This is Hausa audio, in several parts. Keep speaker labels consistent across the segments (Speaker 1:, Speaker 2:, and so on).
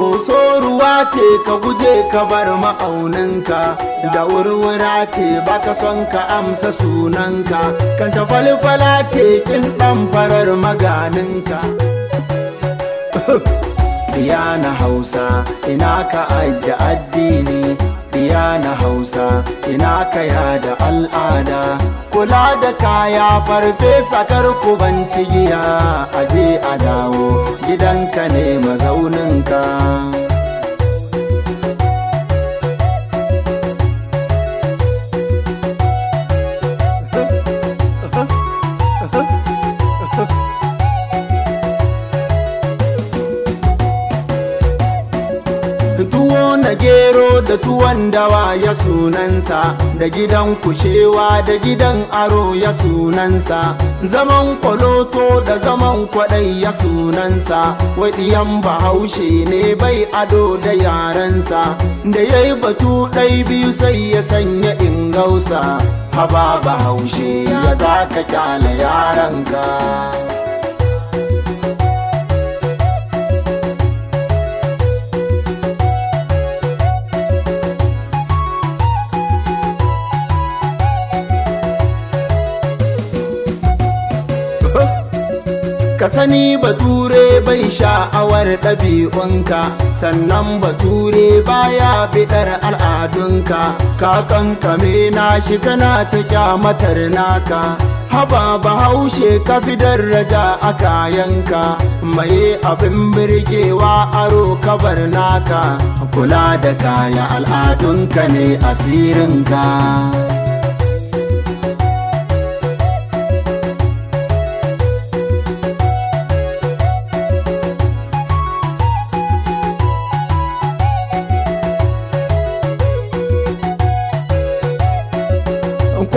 Speaker 1: boso ruwa ce ka guje ka bar ma'auninka da wurwura ce baka son ka amsa sunanka kan ta falfala ce kin ɗan farar maganinka diya na hausa ina ka ajiye addini diya na hausa ina ka yada al'ada kula da kaya farfesa karku ban cigiya aje a dawo gidanka ne mazauninka na gero da tuwon dawa ya sunansa da gidan kushewa da gidan aro ya sunansa zaman kwaloto da zaman kwaɗai ya sunansa waɗiyan bahaushe ne bai ado da yarensa da ya yi batu ɗai biyu sai ya sanya ingausa haba bahaushe ya za ka kyale yaranka ka sani bature bai sha'awar ɗabi'unka sannan bature baya fitar al'adunka ka kankame na shi kana ta kyamatar naka haba bahaushe ka fi daraja a kayanka mai abin birgewa aro kabar naka kula da kaya al'adunka ne asirinka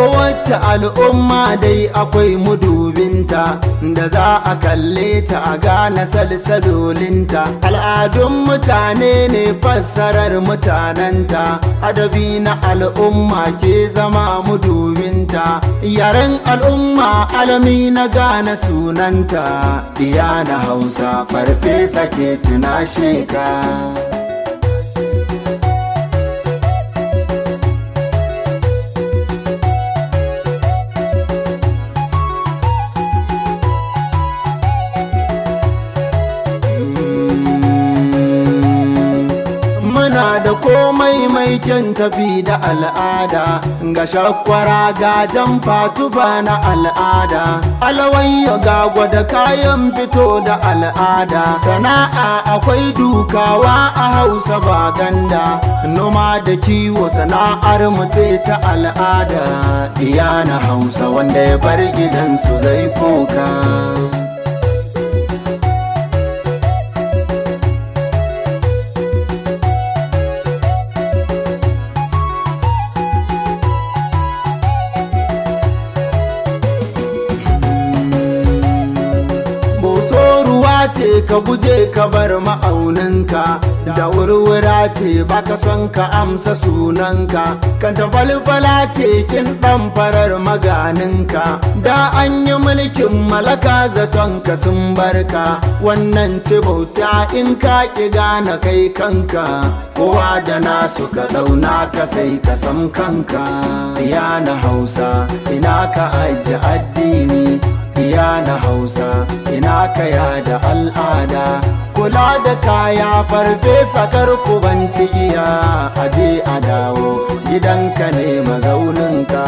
Speaker 1: kowace al'umma dai akwai mudubinta da za a kalle ta a gane salsalolinta al'adun mutane ne fassarar mutanenta adabi na al'umma ke zama mudubinta yaren al'umma alami na gane sunanta iya na hausa farfesa ke tuna sheka da komai mai kyan tafi da al'ada ga shakwara ga fatuba na al'ada ya ga gwada kayan fito da al'ada sana'a akwai dukawa a hausa ba ganda noma da kiwo sana'ar mace ta al'ada iya na hausa wanda ya bar gidansu zai koka ka guje ka bar ma'auninka da wurwura ce ba ka son ka amsa sunanka kan falfala ce kin dan farar maganinka da an yi mulkin malaka zaton ka sun barka wannan ce bauta in ka ki gane kai kanka kowa da nasu ka dauna ka sai ka san kanka ya na hausa ina ka ajiye addini ya na hausa ina kaya da al'ada kula da kaya farfesa karku banci iya aje a dawo gidanka ne mazauninka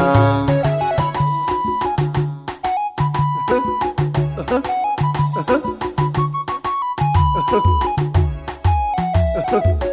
Speaker 1: ha.